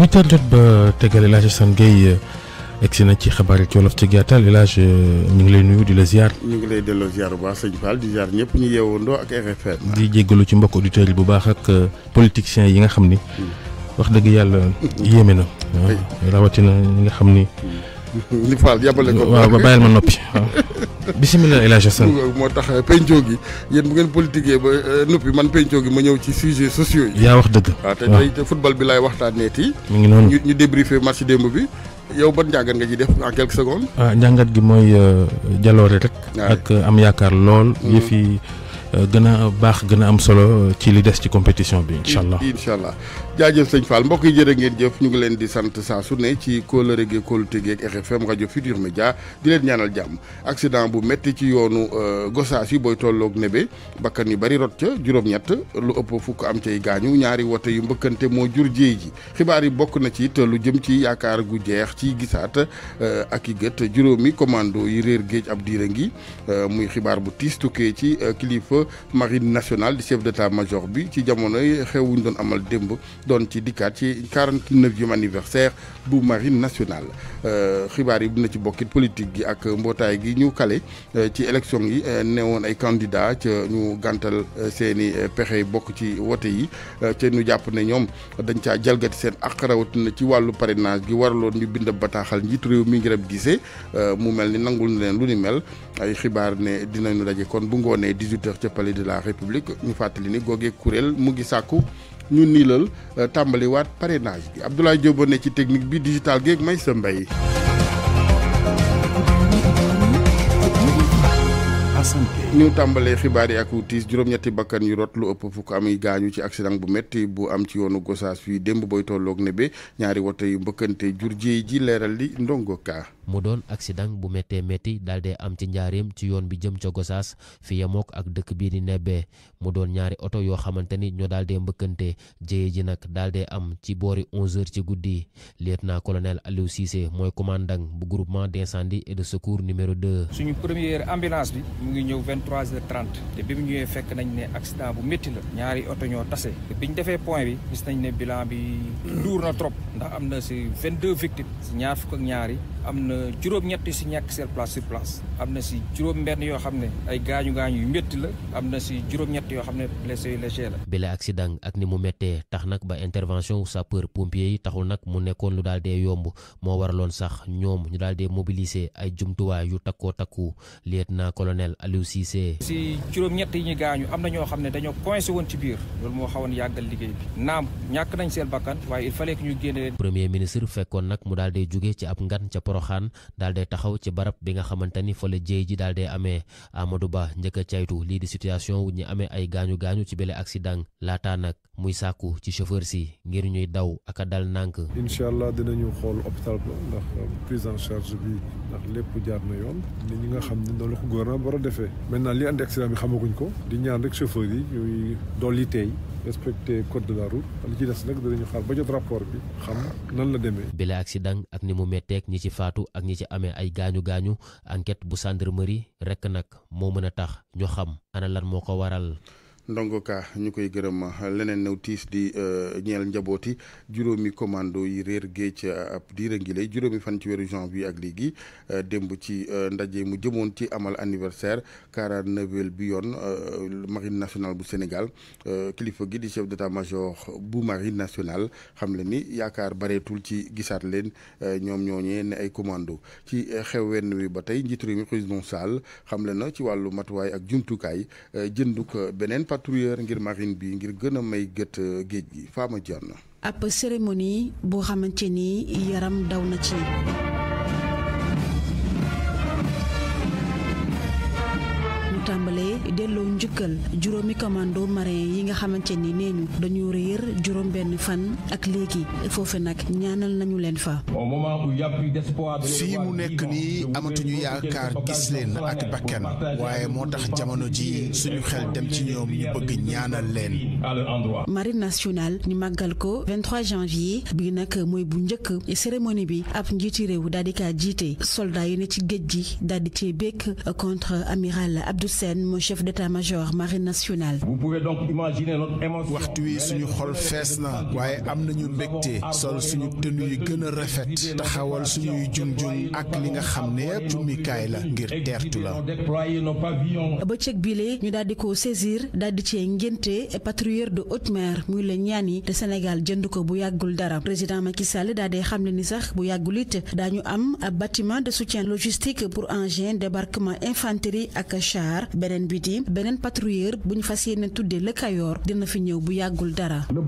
huit heures jot ba tegal El Hadj Assane Gueye euh, na ci xabaar yi ci ci gàttal El euh, ñu ngi lay nuyu di la ziar. ñu ngi lay delloo ziar bu baax sëñ Fall di ziar ñëpp ñu yeewandoo ak RFM. di jéggalu ci mbokk auditeurs yi bu baax ak euh, politiciens yi nga xam ni. Hmm. wax dëgg yàlla yéeme na. Ah, rawatina ñi nga xam ni. Hmm. li Fall yabale ko. waaw ba bàyyil ma noppi waaw. bisimilah El Hadj moo tax eh, pencoo gi yéen bu ngeen politiqué ba eh, noppi man pencoo gi ma ñëw ci sujets sociaux yi. yaa wax dëgg. waaw te football bi laay waxtaanee ti. mu ngi noonu ñu débri débriefé match démb bi. yow ba njàngat nga ci def en quelques secondes. ah njàngat gi mooy euh, jaloore rek. ak euh, am yaakaar lool. Mm-hmm. yëf yi euh, gën a baax gën a am solo ci li des ci compétition bi. incha allah allah jaajëf sëñ Fall mbokk yi jërë ngeen jëf ñu ngi leen di sant saa su ne ci kóolëre gi kóolute gi ak RFM rajo Futur Média di leen ñaanal jàmm accident bu métti ci yoonu euh, Gossas yi booy tolloog nebe bakkan yu bari rot ca juróom-ñett lu ëpp fukk am cay gaañu ñaari wote yu mbëkkante moo jur jéey ji xibaar yi bokk na ci it lu jëm ci yaakaar gu jeex ci gisaat euh, ak i gët juróomi commando yi réer géej ab diira ngi euh, muy xibaar bu tiis tukkee ci kilifa marine nationale di chef d'état-major bi ci jamonoy xewuñ doon amal démb doon ci dikkaat ci quarante neuvième anniversaire bu marine nationale euh, xibaar yi bu dina ci bokkit politique gi ak mbootaay gi ñu kale euh, ci élection yi euh, ne woon ay candidat ca ñu gàntal seeni pexe bokk ci wote yi ca ñu jàpp ne ñoom dañ caa jalgati seen ak rawatina ci wàllu parrainage gi waraloon ñu bind bataaxal njiitu réew mi ngir ab gisee mu mel ni nangul leen lu ni mel ay xibaar ne dinañu daje kon bu ngoonee 18h ca palais de la république ñu fàttali ni googee kuréel mu ngi sàkku ñu niilal euh, tàmbaliwaat parrainage bi Abdoulaye ne ci technique bi digital geeg may sa mbay. ñu tàmbalee xibaar yi ak tiis juróom-ñetti bakkan yu rot lu ëpp fukk am gaañu ci accident bu metti bu am ci yoonu Gossas fii démb booy tolloog ne be ñaari woto yu mbëkkante jur jéey ji leeral li ndongokaa mu doon accident bu méttee métti daal dee am ci njaareem ci yoon bi jëm ca Gosaas fi yemook ak dëkk bii di nebbee mu doon ñaari oto yoo xamante ni ñoo daal dee mbëkkante jéye ji nag daal dee am ci boori 11h ci guddi lieutenant colonel Aliou Cissé mooy commandant bu groupement d'incendie et de secours numéro 2. suñu première ambulance bi mu ngi ñëw te bi mu ñëwee fekk nañ ne accident bu métti la ñaari oto ñoo tase te biñ defee point bi gis nañ ne bilan bi lourd na na si 22 victimes si ñaar juróom-ñett si ñàkk na si juróom yoo xam ne ay gaañu gaañu yu métti la na si juróom-ñett yoo xam ne blessé yu mu méttee tax nag ba intervention sapeur pompier yi taxul nag mu nekkoon lu daal dee yomb moo waraloon sax ñoom ñu daal dee mobiliser ay yu takkoo takku lieutenant colonel Aliou Cissé. si juróom-ñett yi ñu gaañu am na ñoo xam ne dañoo coincé woon ci biir loolu moo xawoon yàggal liggéey bi naam ñàkk nañ seen bakkan waaye il fallait que ñu génne premier ministre fekkoon nag mu daal jóge ci ab ngan ca Porokhane nasaraan daal dee taxaw ci barab bi nga xamante ni fa la jéey ji daal dee amee Amadou Ba njëkk a caytu lii di situation wu ñu amee ay gaañu gaañu ci bele accident laataa nag muy sàkku ci chauffeur si ngir ñuy daw ak a dal nànk. incha allah dinañu xool hôpital ba ndax euh, prise en charge bi ndax lépp jaar na yoon ni ñi nga xam ne noonu la ko gouvernement war a defee maintenant li andi accident bi xamaguñ ko di ñaan rek chauffeur yi ñuy dolli tey respecté code de la li ci des nag dinañu xaar ba jot rapport bi xam nan la demee. bile accident ak ni mu métteeg ñi ci faatu ak ñi ci amee ay gaañu gaañu enquête bu gendarmerie rekk nag moo mën a tax ñu xam ana lan moo ko waral. ndongo ka ñu koy gërëm ah, leneen new tiis di euh, ñeel njabooti juróomi commando yi réer géej ah, ab diir a ngi lay juróomi fan ci weeru janvier ak léegi euh, démb ci euh, ndaje mu jëmoon ci amal anniversaire quarante-neuvième bi yoon marine nationale bu Sénégal kilifa gi di chef d'état-major bu marine nationale xam le ni yaakaar bareetul ci gisaat leen ñoom ñooñee ne ay commando ci xew wenn wi ba tey njiitu réew mi président Sall xam na ci wàllu matuwaay ak jumtukaay jënduk beneen patrouilleur ngir marine bi ngir gën a may gët euh, géej gi Fama Dione ab cérémonie boo xamante ni yaram daw na ci dëkkal juróomi commando marin yi nga xamante ni nee ñu dañu réer juróom benn fan ak léegi foofu nag ñaanal nañu leen fa fii mu nekk nii amatuñu yaakaar gis leen ak bakkan waaye moo tax jamono ji suñu xel dem ci ñoom ñu bëgg ñaanal leen marine nationale ñu màggal ko 23 janvier bi nag mooy bu njëkk cérémonie bi ab njiiti réew daal di kaa jiite soldat yi ne ci géej gi daal di cee békk contre amiral Abdou Sène moo chef d'état-major major marine nationale. vous pouvez donc imaginer notre émotion. waxtu wi suñu xol fees na waaye am nañu mbégte sol suñu tenu yi gën a rafet taxawal suñuy junjung ak li nga xam ne yëpp la ngir teertu la. bëccëg bile ñu daal di ko saisir daal di cee ngénte patrouilleur de haute mer muy la ñaani te Sénégal jënd ko bu yàggul dara président Macky Sall daal di xamle ni sax bu yàggul it daañu am ab bâtiment de soutien logistique pour engins débarquement infanterie ak char beneen bi patrouilleur bu ñu fas yéene tuddee le Kayoor dina fi ñëw bu yàggul dara. le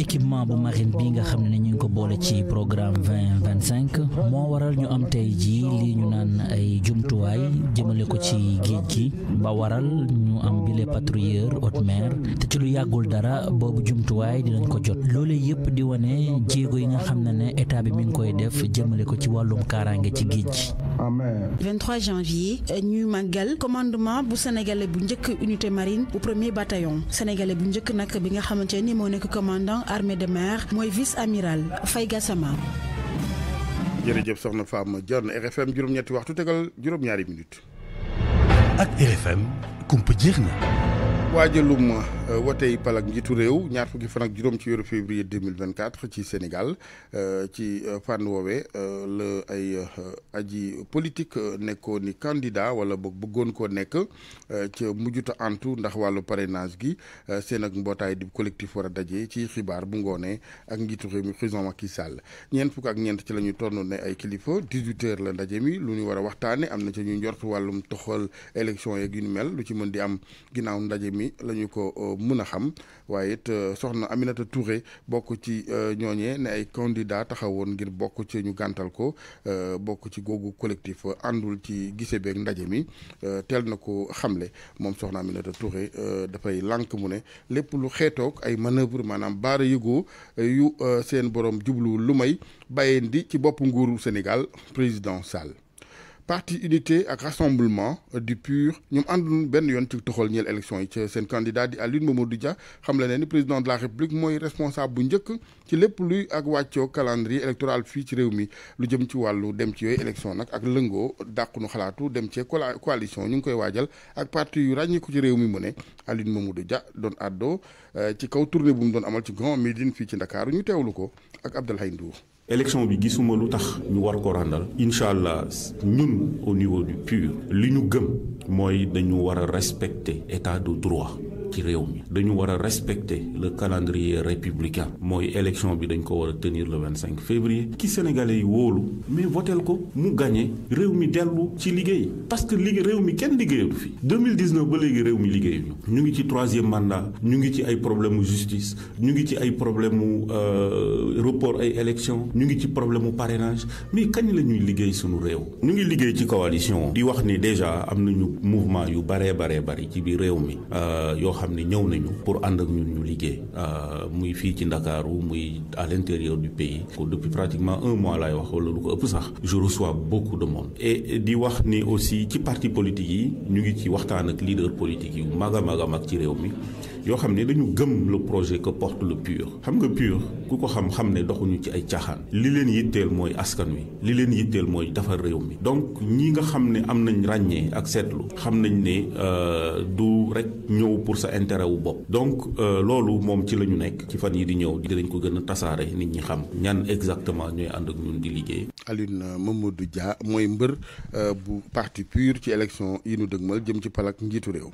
équipement bu marine bi nga xam ne ñu ngi ko boole ci programme vingt vingt cinq moo waral ñu am tey jii lii ñu naan ay jumtuwaay jëmale ko ci géej gi ba waral ñu am bile patrouilleur haute mer te ci lu yàggul dara boobu jumtuwaay dinañ ko jot loole yëpp di wane jéego yi nga xam ne ne état bi mu ngi koy def jëmale ko ci wàllum kaaraange ci géej gi. Amen. 23 janvier euh, ñuy màggal commandement bu sénégalais bu njëkk unité marine bu premier bataillon sénégalais bu njëkk nag bi nga xamante ni moo nekk commandant armée de mer mooy vice amiral fay Gassama. jërëjëf soxna Fama Dione RFM juróom-ñetti waxtu tegal juróom-ñaari minutes. ak RFM kumpa jeex na. waajaluma. Euh, wootey palak njiitu réew ñaar fukki fan ak juróom ci weeru février 2024 ci Sénégal euh, ci euh, fànn woowe la ay aji politique nekkoon ni candidat wala boog bëggoon ko nekk ca mujjuta antu ndax wàllu parrainage gi seen ak mbootaay di collectif war a daje ci xibaar bu ngoonee ak njiitu réew mi président Macky Sall ñeent fukk ak ñeent ci la ñu tonn ne ay kilifa 18 la ndaje mi lu ñu war a waxtaane am na ci ñu njort wàllum toxal élection yeeg yu ni mel lu ci mën di am ginnaaw ndaje mi la ko mun a xam waaye it euh, soxna Aminata Touré bokk ci euh, ñooñee ne ay candidat taxawoon ngir bokk ci ñu gàntal ko euh, bokk ci googu collectif àndul ci gise beeg ndaje mi teel na ko xamle moom soxna Aminata Touré dafay lank mu ne lépp lu xeetoog ay manœuvre maanaam baara yëgoo yu seen borom jubluwul lu may bàyyeen ci bopp nguur Sénégal président Sall parti unité ak rassemblement euh, du PUR ñoom àndul benn yoon ci toxal ñeel élection yi ci seen candidat di Alioune Mamadou Dia xam la ne ni président de la république mooy responsable bu njëkk ci lépp luy ak wàccoo calendrier électoral fii ci réew mi lu jëm ci wàllu dem ci yooyu élection nag ak lëngoo dàqunu xalaatu dem ci coalition ñu ngi koy waajal ak parti yu ràññeeku ci réew mi mu ne Alioune Mamadou Dia doon àddoo euh, ci kaw tournée bu mu doon amal ci Grand Médine fii ci Ndakaaru ñu teewlu ko ak Abdoulaye Ndour élection bi gisuma lu tax ñu war ko ràndal incha allah ñun au niveau du PUR li ñu gëm mooy dañu war a respecter état de droit ci réew mi dañu war a respecter le calendrier républicain mooy élection bi dañ ko war a tenir le vingt cinq février ki sénégale yi wóolu mais votel ko mu gagné réew mi dellu ci liggéey parce que liggéey réew mi kenn liggéeyatu fi 2019 ba léegi réew mi liggéeyuñu ñu ngi ci troisième mandat ñu ngi ci ay problème justice ñu ngi ci ay problème mu euh, report ay élection ñu ngi ci problème mu parrainage mais kañ la ñuy liggéey sunu réew ñu ngi liggéey ci coalition di wax ni déjà am nañu mouvement yu baree baree bari ci biir réew mi euh, xam ne ñëw nañu pour ànd ak ñun ñu liggéey euh, muy fii ci Ndakaaru muy à l'intérieur du pays depuis pratiquement un mois laay wax wala lu ko ëpp sax je reçois beaucoup de monde et di wax ni aussi ci parti politique yi ñu ngi ci waxtaan ak leader politique yu mag a mag a mag ci réew mi yoo xam ne dañu gëm le projet ko porte le PUR xam nga PUR ku ko xam xam ne doxuñu ci ay caaxaan li leen yitteel mooy askan wi li leen yitteel mooy defar réew mi donc ñi nga xam ne am nañ ràññee ak seetlu xam nañ ne euh, du rek ñëw pour sa intérêt wu bopp donc euh, loolu moom ci la ñu nekk ci fan yi di ñëw lañ ko gën a tasaare nit ñi xam ñan exactement ñooy ànd ak ñun di liggéey. Alioune euh, Mamadou Dia mooy mbër bu parti PUR ci élection yi nu dëgmal jëm ci palak njiitu réew.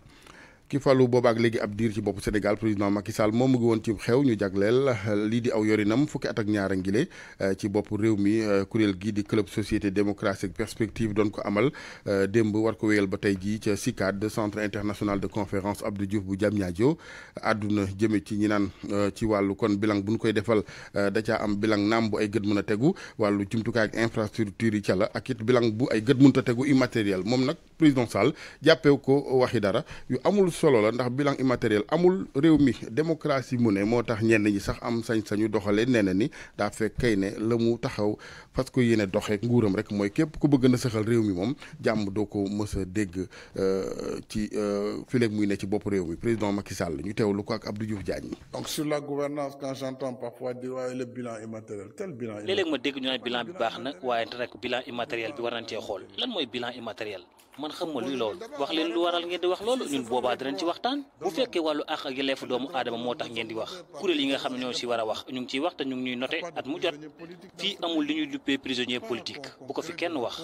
ki falu booba ak léegi ab diir ci bopp Sénégal président Macky Sall moom mu ngi woon ci xew ñu jagleel euh, lii di aw yorinam fukki at ak ñaara ngile euh, ci bopp réew mi euh, kuréel gi di club société démocratique perspective doon ko amal démb war ko wéyal ba tey jii ca CICAD centre international de conférence Abdou Diouf bu Diamniadio àdduna jëme ci ñi naan ci wàllu kon bilang bu ñu koy defal da am bilang naam bu ay gët mën a tegu wàllu jumtukaay ak infrastructure yi ca la ak it bilang bu ay gët mënut a tegu immatériel moom nag. président Sall jàppew ko waxi dara yu amul solo la ndax bilan immatériel amul réew mi démocratie mu ne moo tax ñenn ñi sax am sañ-sañu doxalee nee na ni daa fekk kay ne la mu taxaw parce que yéene doxee nguuram rek mooy képp ku bëgg na saxal réew mi moom jàmm doo ko mës a dégg euh, ci euh, fileeg muy ne ci bopp réew mi président Macky Sall ñu teewlu ko ak Abdou Diouf Diagne. donc sur la ma dégg ñu naan bilan bi baax na waaye nag bilan immatériel bi war nañ man xam ma luy loolu wax leen lu waral ngeen di wax loolu ñun boobaa dinañ ci waxtaan bu fekkee wàllu àq ak yelleefu doomu aadama moo tax ngeen di wax kuréel yi nga xam ne ñoo ci war a wax ñu ngi ciy wax te ñu ngi ñuy note at mu jot fii amul li ñuy duppee prisonnier politique bu ko fi kenn wax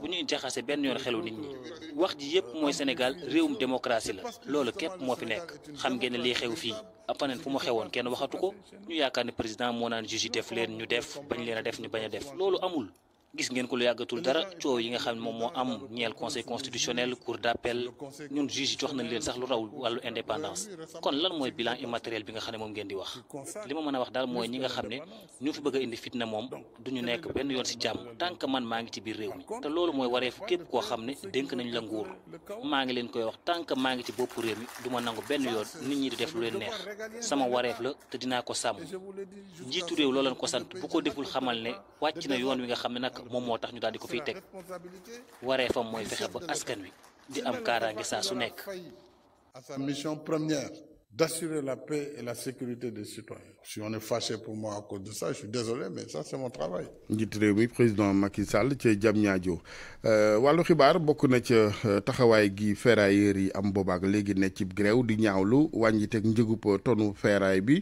bu ñuy jaxase benn yoon xelu nit ñi wax ji yépp mooy Sénégal réewum démocratie la loolu képp moo fi nekk xam ngeen ne lii xew fii faneen fu mu xewoon kenn waxatu ko ñu yaakaar ne président moo naan juge def leen ñu def bañ leen def ñu bañ a def loolu amul gis ngeen ko lu yàggatul dara coow yi nga xam ne moom moo am ñeel conseil constitutionnel cour d'appel ñun juge yi jox nañ leen sax lu raw wàllu indépendance kon lan mooy bilan immatériel bi nga xam ne moom ngeen di wax li ma mën a wax daal mooy ñi nga xam ne ñu fi bëgg indi fitna moom du ñu nekk benn yoon ci jàmm tant man maa ngi ci biir réew mi te loolu mooy wareefu képp koo xam ne dénk nañ la nguur maa ngi leen koy wax tant maa ngi ci moom moo tax ñu daal di ko fi teg waree fam mooy fexe ba askan wi di am kaaraange saa su nekk. à sa mission d'assurer la paix et la sécurité de citoyens. Si on est fâché pour moi à cause de ça, je suis désolé, mais ça c'est mon travail. njiit réew mi président Macky Sall ca Diamniadio euh, wàllu xibaar bokk na ca euh, taxawaay gi ferrailleurs yi am boobaak léegi ne cib gréew di ñaawlu wàññi teg njëgub tonu ferraille bi.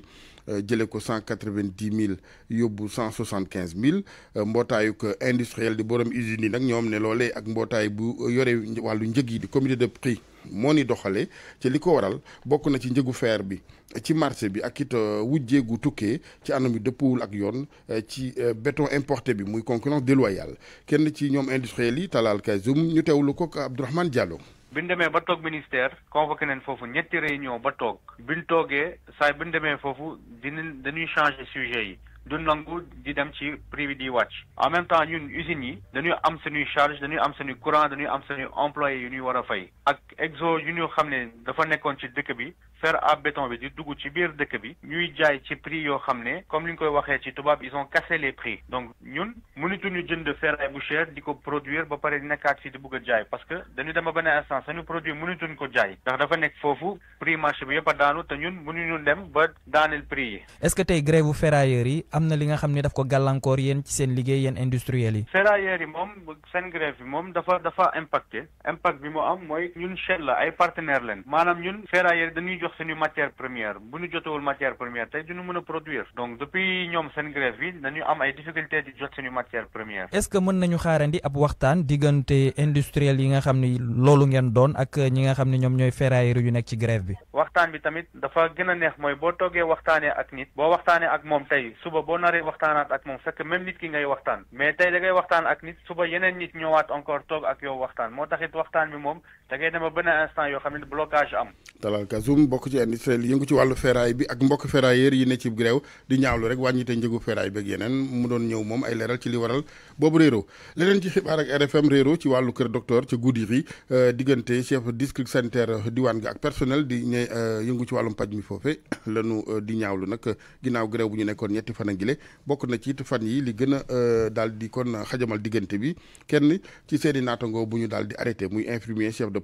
Euh, jëlee ko cent quatre vingt dix mille yóbbu cent soixante quinze mille euh, mbootaayu ko industriel di borom usines yi nag ñoom ne loole ak mbootaay bu yore wàllu njëg yi di comité de prix. moo ni doxalee ci li ko waral bokk na ci njëgu fer bi ci marché bi ak it euh, wujjee gu tukkee ci anam yu dëppwul ak yoon ci béton importé bi muy concurrence déloyale kenn ci ñoom industriels yi Talal Kazum ñu teew lu ko ak Abdourahmane Diallo. biñ demee ba toog ministère convoqué nañ foofu ñetti réunion ba toog biñ toogee saa biñ demee foofu dinañ dañuy changer sujet yi du nangu di dem ci privé di wàcc en même temps ñun usines yi dañuy am suñuy charge dañuy am suñuy courant dañuy am suñuy employés yu ñuy war a fay ak exo yu ñu xam ne dafa nekkoon ci dëkk bi fer à béton bi di dugg ci biir dëkk bi ñuy jaay ci prix yoo xam ne comme li ñu koy waxee ci tubaab ils ont prix donc ñun mënatuñu jënd ferraille bu cher di ko produire ba pare nekkaat si di bugg a jaay parce que dañu dem ba benn instant suñu produit mënatuñ ko jaay ndax dafa nekk foofu prix marché bi yëpp a daanu te ñun mënuñu dem ba daaneel prix yi. est-ce tey grève bu ferrailleurs yi am na li nga xam ne daf ko gàllankoor yéen ci seen liggéey bi moom dafa dafa impacté impact bi mu am la suñu matière première bu ñu jotewul matière première tey duñu mën a produire donc depuis ñoom seen grève yi dañu am ay difficulté di jot suñu matière première est-ce que mën nañu xaarandi ab waxtaan diggante industriel yi nga xam ni loolu ngeen doon ak ñi nga xam ne ñoom ñooy ferrailleur yu nekk ci grève bi waxtaan bi tamit dafa gën a neex mooy boo toogee waxtaanee ak nit boo waxtaanee ak moom tey suba boo naree waxtaanaat ak moom fekk même nit ki ngay waxtaan mais tey da ngay waxtaan ak nit suba yeneen nit ñëwaat encore toog ak yow waxtaan moo taxit waxtaan bi da ngay dem benn instant yoo xam ne blocage am. Talal Kazoum bokk ci industriel yëngu ci wàllu ferraille bi ak mbokk ferrailleurs yi ne ci grève di ñaawlu rek wàññi te njëgu ferraille bi ak yeneen mu doon ñëw moom ay leeral ci li waral boobu réero leneen ci xibaar ak RFM réero ci wàllu kër docteur ca Goudiri euh, diggante chef district sanitaire diwaan ga ak personnel di ñe euh, yëngu ci wàllum paj mi foofe lanu euh, di ñaawlu nag ginnaaw grève bu ñu nekkoon ñetti fan a ngile bokk na ci it fan yi li gën a daal di kon xajamal diggante bi kenn ci seen i bu ñu daal di arrêté muy infirmier chef de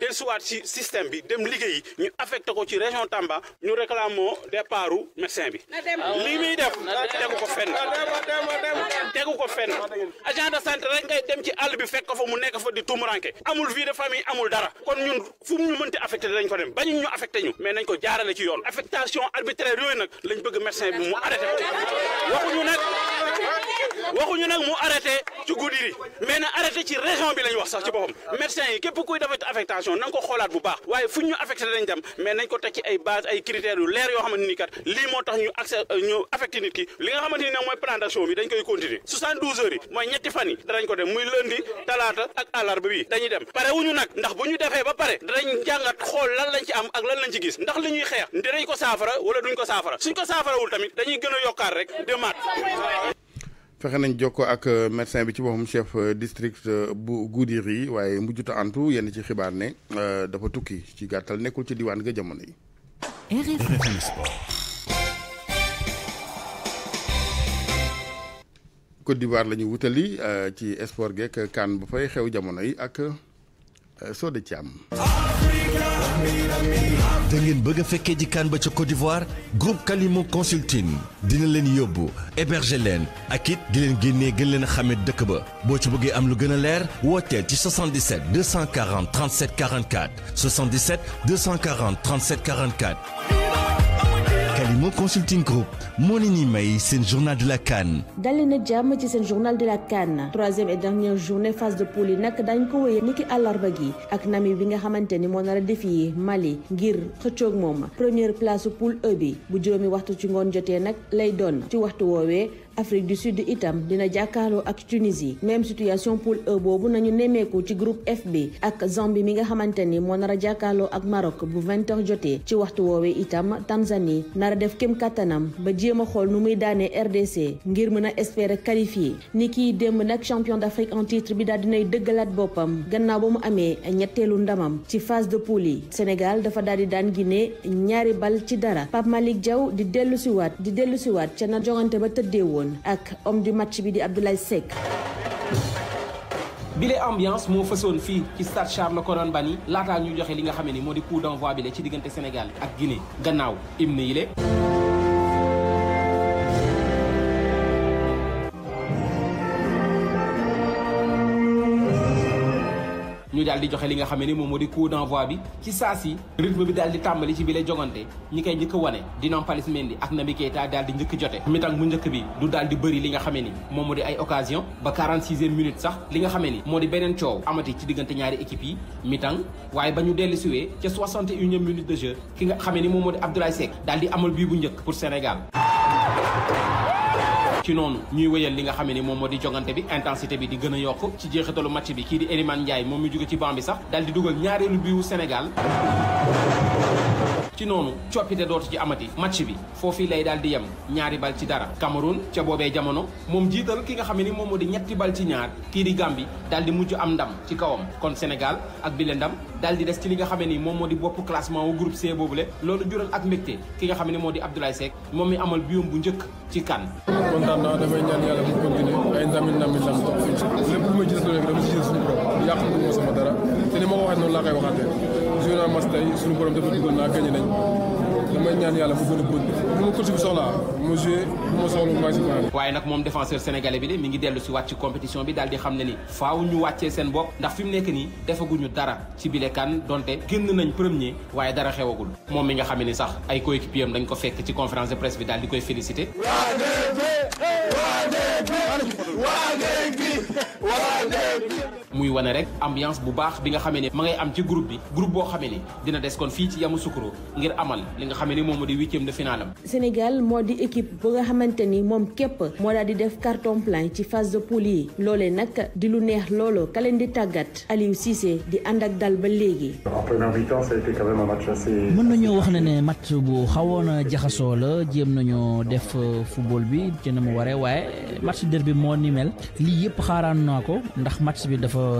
dellusiwaat si système bi dem liggéeyi ñu affecté ko ci région Tamba ñu réclamoo départ médecin bi. li muy def tegu ko fenn. tegu ko fenn agent de santé rek ngay dem ci àll bi fekk ko fa mu nekk fa di tumuranke amul vie de famille amul dara kon ñun fu mu ñu mënti affecté dañ ko dem bañu ñu affecté ñu mais nañ ko jaarale ci yoon affectation arbitraire yooyu nag lañ bëgg médecin bi mu arrêté ko waxuñu nag. waxuñu nag mu arrêté ci Goudiry mais na arrêté ci région bi la wax sax ci boppam médecin yi képp kuy defati afectation na ko xoolaat bu baax waaye fuñ ñu affecté dañ dem mais nañ ko teg ci ay base ay critères leer yoo xamante ni kat lii moo tax ñu accès euh, ñu affecté ki li nga xamante ni nag mooy plan koy continuer 72 heures yi ñetti fan yi danañ ko dem muy lundi talaata ak àllarba bi dañuy dem pare wuñu nag ndax bu ñu defee ba pare danañ jàngat xool lan lañ ci am ak lan lañ ci gis ndax li ñuy xeex dinañ ko saafara wala ko saafara suñ ko saafarawul tamit dañuy gën a yokkaat rek demaat fexe nañ jokkoo ak euh, médecin bi ci boppam chef euh, district euh, bu Goudiri waaye mujjuta antu yenn ci xibaar ne dafa tukki ci gàttal nekkul ci diwaan ga jamono yi. Côte d'Ivoire la ñu wutali ci sport geek kan ba fay xew jamono yi ak. Sode Thiam. da ngeen bëgg a fekkee ji ba ca Côte d'Ivoire groupe Kalimo Consulting dina leen yóbbu héberger leen ak it di leen génnee gën leen a xamee dëkk ba boo ci bëggee am lu gën a leer wooteel ci 77 240 37 44 77 240 37 44. Primo Consulting Group moo leen ni may seen journal de la CAN. dalee na jàmm ci seen journal de la CAN troisième et dernière journée phase de poule yi nag dañ ko wéyee niki àllarba gi ak nami bi nga xamante ni moo nar a yi Mali ngir xëccoog moom première place poule E bi bu juróomi waxtu ci ngoon jotee nag lay doon ci waxtu woowee. Afrique du Sud itam dina jàkkaarloo ak Tunisie même situation poule E boobu nañu nemmeeku ci groupe F bi ak Zambie mi nga xamante ni moo nar a jàkkaarloo ak Maroc bu vingt h jotee ci waxtu woowee itam Tanzanie nara def kem kattanam ba jéem a xool nu muy daane RDC ngir mën a espérer qualifié ni kiy démb nag champion d'Afrique en titre bi daal dinay dëggalaat boppam gannaaw ba mu amee ñetteelu ndamam ci phase de poule yi Sénégal dafa daal di daan Guinée ñaari bal ci dara Pape Malick Diaw di dellu siwaat di dellu siwaat ca na ba tëddee woon Sène ak homme du match bi di Abdoulaye Seck. bile ambiance moo fësoon fii ci stade Charles Konan Banny laataa ñuy joxe li nga xam ne moo di coup d'envoi bile ci diggante Sénégal ak Guinée gannaaw hymne yi le ñu daal di joxe li nga xam ne moom moo di coup d'envoi bi ci saa si rythme bi daal di tàmbali ci bile jogante ñi koy njëkk wane di Nampalys Mendy ak Naby Keita daal jote mi-temps bu njëkk bi du daal di bëri li nga xam ni moom moo di ay occasion ba 46e minute sax li nga xam ni moo di beneen coow amati ci diggante ñaari équipes yi mi-temps waaye ba ñu dellu siwee ca 61e minute de jeu ki nga xam ni moom moo di Abdoulaye Seck daal di amal bii bu njëkk pour Sénégal ci noonu ñuy wéyal li nga xam ne moom moo di jogante bi intensité bi di gën a yokk ci jeexitalu match bi kii di Eliman Ndiaye moom mi jóge ci banc bi sax daal di dugal ñaareelu biwu Sénégal ci noonu coppite dootu ci amati match bi foofii lay daal di yem ñaari bal ci dara Cameroun ca boobee jamono moom jiital ki nga xam ne ni moom moo di ñetti bal ci ñaar kii di Gambie daal di mujj am ndam ci kawam kon Sénégal ak bile daal di des ci li nga xam ni moom moo di bopp classement wu groupe C boobule loolu jural ak mbégte ki nga xam ne moo di Abdoulaye Seck moom mi amal biom bu njëkk ci kan kontaan naa damay ñaan yàlla mu continuer ay ndamit ndamit ndam topp fii ci lépp lu ma gis lu nekk dama si gis suñu borom yàq ma sama dara te ni ma ko waxee noonu laa nañ li may ñaan yàlla mu gën a góob bi mu coach bi soxlaa mu joué mu ma soxla maximum waaye nag moom défenseur sénégalais bi de mi ngi dellu si wàcc ci compétition bi daal di xam ne ni faaw ñu wàccee seen bopp ndax fi mu nekk nii defaguñu dara ci bile kan donte génn nañ premier waaye dara xewagul moom mi nga xam ne ni sax ay coéquipier am dañ ko fekk ci conférence de presse bi daal di koy félicité muy wane rek ambiance bu baax bi nga xamee ne ma ngay am ci groupe bi groupe boo xamee ne dina des kon fii ci Yamoussoukro ngir amal li nga xamee ne moom moo di huitième de finale am Sénégal moo di équipe bu nga xamante ni moom képp moo daal di def carton plein ci phase de poule yi loolee nag di lu neex loolu ka di tàggat Aliou Cissé di ànd ak dal ba léegi. mën nañoo wax ne ne match bu xawoon a jaxasoo la jéem nañoo def euh, football bi ci na mu waree waaye match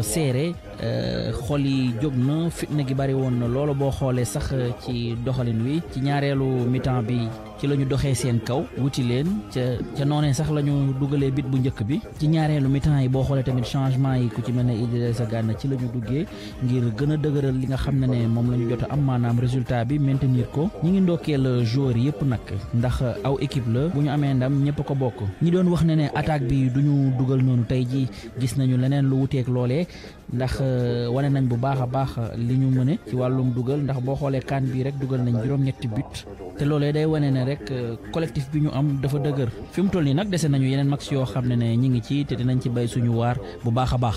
seere euh, xol yi jóg na fitna gi bari woon na loolu boo xoolee sax euh, ci doxalin wi ci ñaareelu mi-temps bi ci la ñu doxee seen kaw wuti leen ca ca noonee sax la dugalee bit bu njëkk bi ci ñaareelu mi yi boo xoolee tamit changement yi ku ci mel ne Idrissa Gana ci la ñu duggee ngir gën a dëgëral li nga xam ne ne moom la ñu jot a am maanaam résultat bi maintenir ko ñi ngi ndokkeel euh, joueur yëpp nag ndax aw équipe la bu ñu amee ndam ñëpp ko bokk ñi doon wax ne ne foofee ndax euh, wane nañ bu baax a baax li ñu mëne ci wàllum dugal ndax boo xoolee kaan bii rek dugal nañ juróom-ñetti but te loolee day wane ne rek euh, collectif bi ñu am dafa dëgër fi mu toll nii nag dese nañu yeneen max yoo xam ne ne ñi ngi ci te dinañ ci bay suñu waar bu baax a baax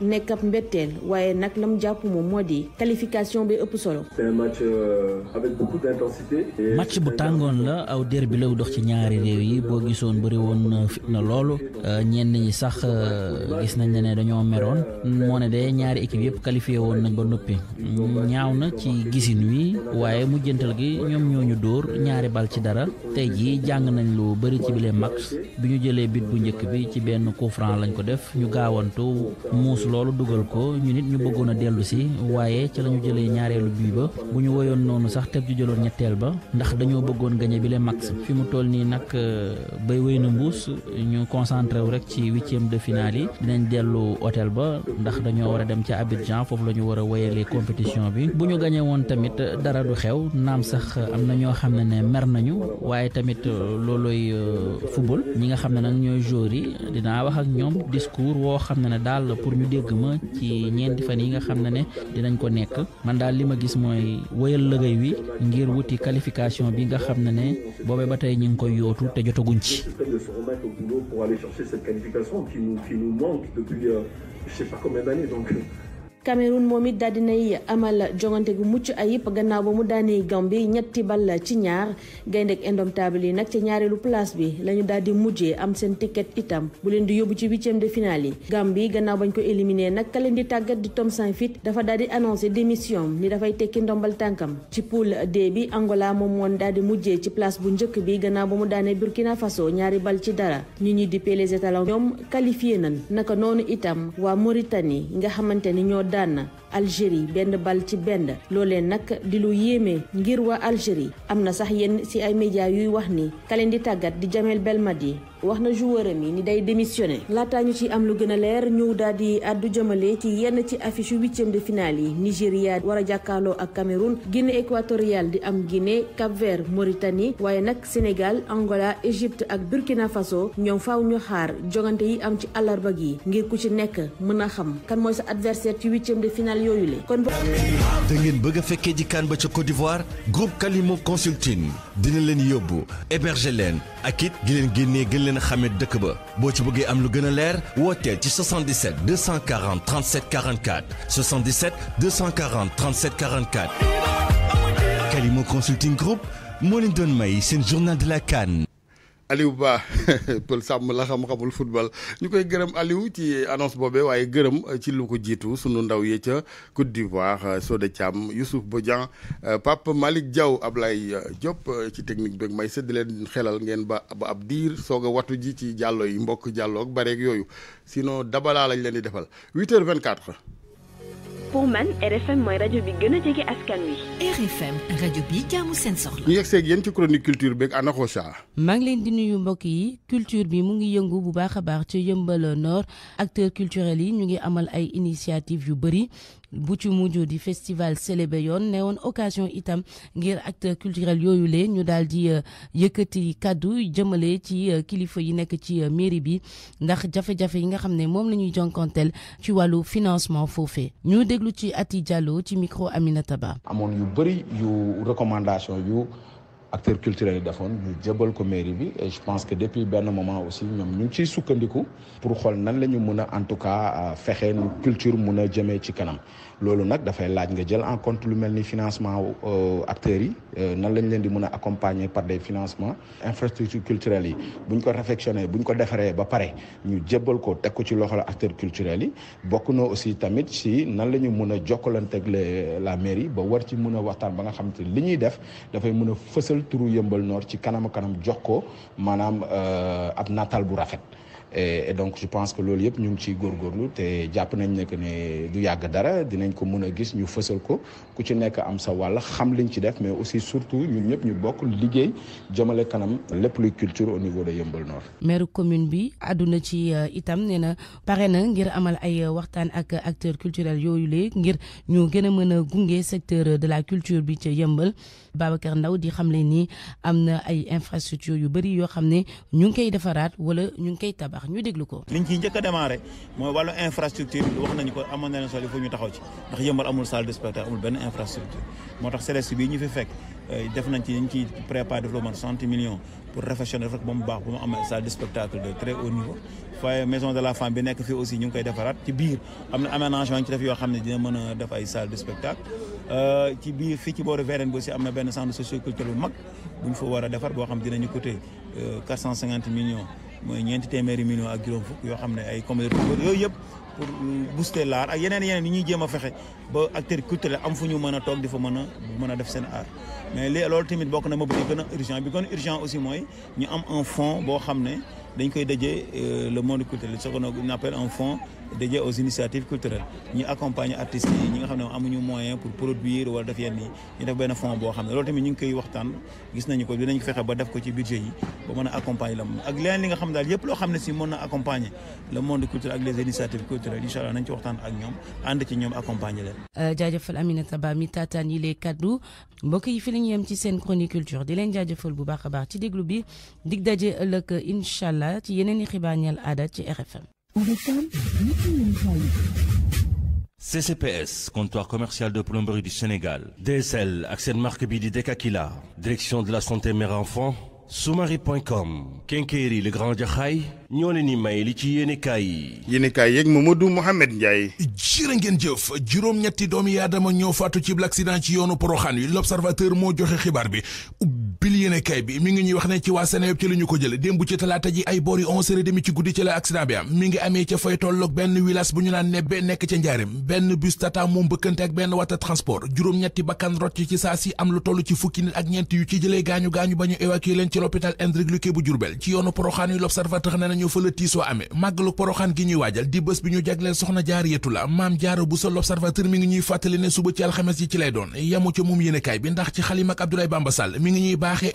nekk ab mbetteel waaye nag la jàpp moom moo di qualification bi ëpp solo. c'est un match euh, bu tàngoon la aw der bi law dox ci ñaari réew yi boo gisoon bëri woon euh, fitna loolu euh, ñenn ñi sax gis nañ ne dañoo meroon moo ne de ñaari équipe yëpp qualifié woon nañ ba noppi ñaaw na ci gisin wi waaye mujjantal gi ñoom ñoo ñu dóor ñaari bal ci dara tey jii jàng nañ lu bëri ci bile match bi ñu jëlee bit bu njëkk bi ci benn coup franc lañ ko def ñu gaawantu muusu loolu dugal ko ñu nit ñu bëggoon a dellu si waaye ca la ñu jëlee ñaareelu bii ba bu ñu woyoon noonu sax teb ju jëloon ñetteel ba ndax dañoo bëggoon gañe bi le max fi mu toll nii nag euh, bay wéy na mbuus ñu concentré wu rek ci huitième de finale yi dinañ dellu hôtel ba ndax dañoo war a dem ca Abidjan foofu la ñu war a wéyalee compétition bi bu ñu gañe woon tamit euh, dara du xew naam sax euh, am na ñoo xam ne ne mer nañu waaye tamit loolooy football ñi nga xam ne nag ñooy dégg ma ci ñeenti fan yi nga xam ne ne dinañ ko nekk man daal li ma gis mooy wëyal lëgëy wi ngir wuti qualification bi nga xam ne ne boobee ba tey ñu ngi koy yootu te jotaguñ ci. Euh, je sais pas combien Cameroun moom it daal dinay amal jongante gu mucc ayib gannaaw ba mu daanee Gambie ñetti bal ci ñaar gayndek indomptable yi nag ca ñaareelu place bi la ñu daal di mujjee am seen ticket itam bu leen di yóbbu ci huitième de finale yi Gambie gannaaw bañ ko éliminé nag ka leen di tàggat di Tom Saintfiet dafa daal di annoncé démission ni dafay tekki ndombal tànkam ci poule D bi Angola moom moon daal di mujjee ci place bu njëkk bi gannaaw ba mu daanee Burkina Faso Dana Algérie benn bal ci benn loolee nag di lu yéeme ngir waa Algérie am na sax yenn ci ay médias yuy wax ni kaleen di tàggat di jameel Jamel yi wax na joueuram yi ni day démissionné laataa ñu ci am lu gën a leer ñëw daal di addu jëmale ci yenn ci affiche yu de finale yi Nigéria war a jàkkaarloo ak Cameroun Guinée équatoriale di am Guinée Cap-Vert Mauritanie waaye nag Sénégal Angola Égypte ak Burkina Faso ñoom faw ñu xaar jogante yi am ci àllarba yi ngir ku ci nekk mën yooyu le kon. da ngeen bëgg a fekkee ji kan ba ca Côte d'Ivoire groupe Kalimo Consulting dina leen yóbbu héberger leen ak it gi leen génnee gën leen a xamee dëkk ba boo ci bëggee am lu gën a leer wooteel ci 77 240 37 44 77 240 37 44. Kalimo Consulting Group moo leen doon may seen journal de la CAN. Aliou Ba pël sàmm la xam-xamul football ñu koy gërëm Aliou ci annonce boobe waaye gërëm euh, ci lu ko jiitu sunu ndaw yi ca Côte d'Ivoire euh, Sode Thiam Youssouf Bodian euh, Pape Malick Diaw Ablaye Diop ci technique beeg may sëdd leen xelal ngeen ba ba ab diir soog a wattu ji ci jàllo yi mbokk jàllo ak bareeg yooyu sinon dabalaa lañ leen di defal 8h24. pour RFM mooy rajo bi gën a jege askan wi. RFM rajo bi jaamu seen soxla. ñu yegg seeg yéen ci chronique culture beeg Anna Rocha. maa leen di nuyu mbokk yi culture bi mu ngi yëngu bu baax a baax ci Yeumbeul Nord acteurs culturels yi ñu ngi amal ay initiative yu bëri. bu ci mujj di festival Selebe yoon ne woon occasion itam ngir acteur culturel yooyu lee ñu daal di euh, yëkkati kàddu jëmale ci euh, kilifa yi nekk ci euh, mairie bi ndax jafe-jafe yi nga xam ne moom la ñuy jonkonteel ci wàllu financement foofe ñu déglu ci Ati Diallo ci micro Aminata Ba amoon yu bëri yu recommandation yu acteurs culturels defoon ñu jëbal ko mairie bi et je pense que depuis benn moment aussi ñoom ñu ngi ciy sukkandiku pour xool nan la ñu mën a en tout cas euh, fexe nu culture mun a jëmee ci kanam loolu nag dafay laaj nga jël en compte lu mel ni financement euh, acteurs yi euh, nan lañ leen di mën a accompagner par des financements infrastructure culturelle yi buñ ko réfectionné buñ ko defaree ba pare ñu jébbal ko teg ko ci loxol acteurs culturels yi bokk na aussi tamit si nan la ñu mën a jokkalanteeg la mairie ba war ci mën a waxtaan ba nga xam te li ñuy def dafay mën a fësal turu yëmbal noor ci kanam kanam jox ko maanaam euh, ab nataal bu rafet et donc je pense que loolu yëpp ñu ngi ciy góorgóorlu te jàpp nañ ne que ne du yàgg dara dinañ ko mën a gis ñu fësal ko ku ci nekk am sa wàll xam liñ ci def mais aussi surtout ñun ñëpp ñu bokk liggéey jëmale kanam lépp lu culture au niveau de Yeumbeul Nord. maire commune bi àdduna ci euh, itam nee na pare na ngir amal ay euh, waxtaan ak acteurs culturels yooyu le ngir ñu gën a mën a gunge secteur de la culture bi ca Yeumbeul Babacar Ndaw di xam xamle ni am na ay infrastructures yu bëri yoo xam ne ñu ngi koy defaraat wala ñu ngi koy tabax. tax ñu déglu ko. liñ ciy njëkk a démarré mooy wàllu infrastructure wax nañu ko amoon na leen solo il faut ñu taxaw ci ndax yëmbal amul salle de spectacle benn infrastructure moo tax CEDES bii ñu fi euh, nañ ci ñu ciy préparé développement pour réfectionner ba mu baax ba mu am fii aussi ngi koy defaraat ci biir am na aménagement xam ne dina a def ay salle euh, ci biir am na benn centre socioculturel bu mag bu ñu fa war a defar boo xam dinañu coûter 450 euh, millions. mooy ñeenti téeméeri millions ak juróom fukk yoo xam ne ay comédie yooyu yëpp pour euh, booster l'art ak yeneen yeneen yi ñuy jéem a fexe ba acteur culturel am fu ñu mën a toog di fa mën a mën a def seen art mais li loolu tamit bokk na ma bëgg gën a urgent bi gën urgent aussi mooy ñu am un fonds boo xam ne dañ koy dajee euh, le monde culturel ce qu'on appelle en fonds dédié aux initiatives culturelles ñu accompagner artistes yi ñi nga xam ne amuñu moyen pour produire wala def yenn yi ñu def benn fonds boo xam ne loolu tamit ñu ngi koy waxtaan gis nañu ko dinañ fexe ko ci budget yi ba mën a accompagner la ak leneen nga xam daal yëpp loo xam ne si mën na accompagner le monde culturel ak les initiatives culturelles incha allah nañ ci waxtaan ak ñoom ànd ci ñoom accompagner leen. Euh, jaajëfal Aminata Ba mi taataan yi lay kaddu mbokk yi ci seen chronique culture di leen jaajëfal bu baax a baax ci déglu bi dig daje ëllëg incha allah ci yeneen i xibaar ñeel aada ci RFM CCPS comptoir commercial de plomberie du Sénégal DSL ak seen marque bi di Dekakila direction de la santé mère enfant sumari.com Kenkeyri le grand jaxaay ñoo ne ni may li ci yéenekaay yi yéenekaay yeeg Mamadou Mouhamed Ndiaye jërë ngeen jëf juróom-ñetti doomi aadama ñoo faatu ci accident ci yoonu Poroxaan wi l'observateur moo joxe xibaar bi yéenekaay bi mi ngi ñuy wax ne ci waa Seneweb ci la ñu ko jële démb ci talaata ji ay boori onze heures ci guddi ci la accident bi am mi ngi amee ca fay tolloog benn wilaas bu ñu naan nebbe nekk ca njaarim benn bus tata moom bëkkante ak benn wata transport juróom-ñetti bakkan rot ci saa si am lu toll ci fukki nit ak ñeent yu ci jëlee gaañu gaañu ba ñu évacué leen ci l'hôpital Hendrik Luque bu Jurbel ci yoonu Poroxaan yu l'Observateur ne nañu fa la tiisoo amee màggalu Poroxaan gi ñuy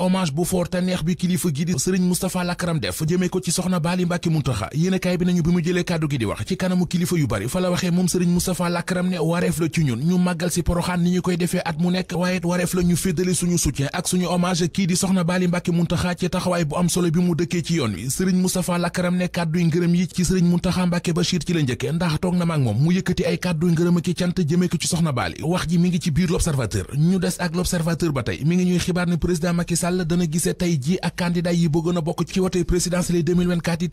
hommage bu fort te neex bi kilifa gi di sëriñ Moustapha Lakaram def jëmee ko ci soxna Baali Mbàkke Muntaxa yéenekaay bi nañu bi mu jëlee kàddu gi di wax ci kanamu kilifa yu bari fa la waxee moom sëriñ Moustapha Lakaram ne wareef la ci ñu koy defee at mu nekk waaye wareef la ñu féddali suñu soutien ak suñu hommage kii di soxna Baali Mbàkke Muntaxa ci taxawaay bu am solo bi mu dëkkee ci yoon wi sëriñ Moustapha Lakaram ne kàdduy ngërëm yi ci sëriñ Muntaxa Mbàkke Bachir ci la njëkke ndax toog na maag moom mu yëkkati ay kàdduy ngërëm ak cant jëmee soxna Baali wax ji mi ngi ci biir l'observateur ñu des ak l'observateur ba tey mi ngi ñuy xibaar ne président Macky Sall dana gisee tey ji ak candidat yi bëggoon bokk ci wote présidentielle 2024 yi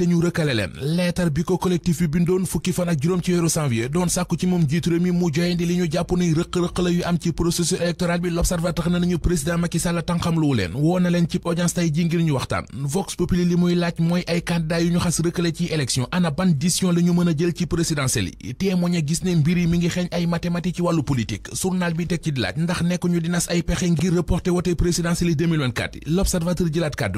gis ne mbir mi ngi xeeñ ay mathématiques ci wàllu politique journal bi teg ci di laaj ndax nekk dinas ay pexe ngir reporter wote présidentielle liggéeykat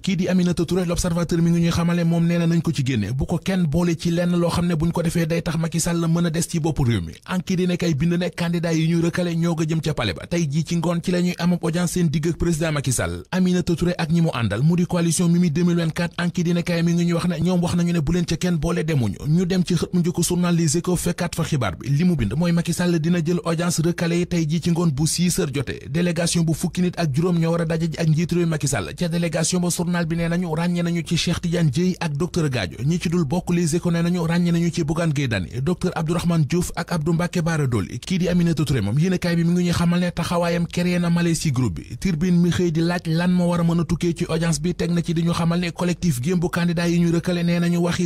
kii di Aminata Touré mi ngi ñuy xamale moom nee na nañ ko ci génne bu ko kenn boole ci lenn loo xam ne buñ ko defee day tax Macky Sall mën a des ci bopp réew mi anki dina kay bind ne candidat yi ñu rëkkale ñoo ko jëm ca palais ba tey ji ci ngoon ci la ñuy amab seen digg ak président Macky Sall ak ñi mu àndal mu di coalition Mimi 2024 anki dina kay mi ngi ñuy wax ne ñoom wax nañu ne bu leen ca kenn boole demuñu ñu dem ci xët mu njëkk journalisé fekkaat fa xibaar bi li mu bind mooy Macky Sall dina jël audience recalée yi tey ji ci ngoon bu 6 heures jotee délégation bu fukki nit ak juróom ñoo war daje ji ak njiitu réew Macky ca délégation ba journal bi nee nañu ràññe nañu ci Cheikh Tidiane Dièye ak docteur Gadio ñi ci dul bokk Les Échos nee nañu ràññe nañu ci Bougane Gueye Dany docteur Abdourahmane ak Abdou Mbacké Bara Dolly kii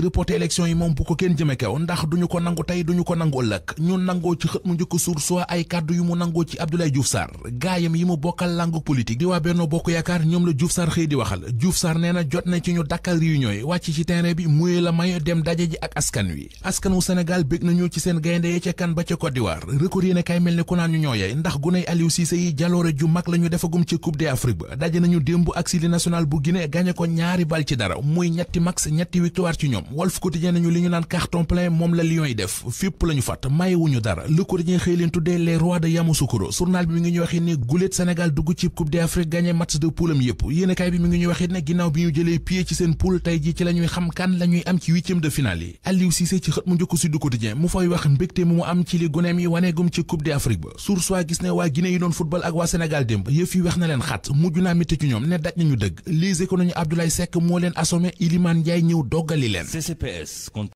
reporté élection yi moom bu ko kenn jëme kaw ndax duñu ko nangu tey duñu ko nangu ëllëg ñu nangoo ci xët mu njëkk suur soit ay kàddu yu mu nangoo ci Abdoulaye Diouf Sarr gaayam yi mu bokkal langu politique di waa benn Bokk Yaakaar ñoom la Diouf Sarr xëy di waxal Diouf Sarr nee na jot na ci ñu dakkal réunion yi wàcc ci terrain bi muy la may dem daje ji ak askan wi askan wu Sénégal bég nañu ci seen gaynde ya kan ba ca Côte d'Ivoire record yéene kay mel ni ku naan ñu ñooyey ndax guney Aliou Cissé yi jaloore ju mag la ñu defagum ci Coupe d'Afrique daje nañu démb ak Syli national bu Guinée gagné ko ñaari bal ci dara muy ñetti max ñetti victoire ci ñoom Walf Quotidien nañu li ñu naan carton plein moom la Lions yi def fépp la ñu fàtt mayiwuñu dara Le xëy leen tuddee les rois de Yamoussoukro journal bi mi ngi ñuy waxit ne guléet Sénégal dugg ci Coupe d'Afrique gagné match de poulam yëpp yéenekaay bi mi ngi ñuy waxit ne ginnaaw bi ñu jëlee pied ci seen poule tey ji ci la xam kan la am ci huitième de finale yi Aliou Cissé ci xët mu njëkk Sud Quotidien mu fay wax mbégte mu mu am ci li goneem yi na leen xat mujj naa CCPS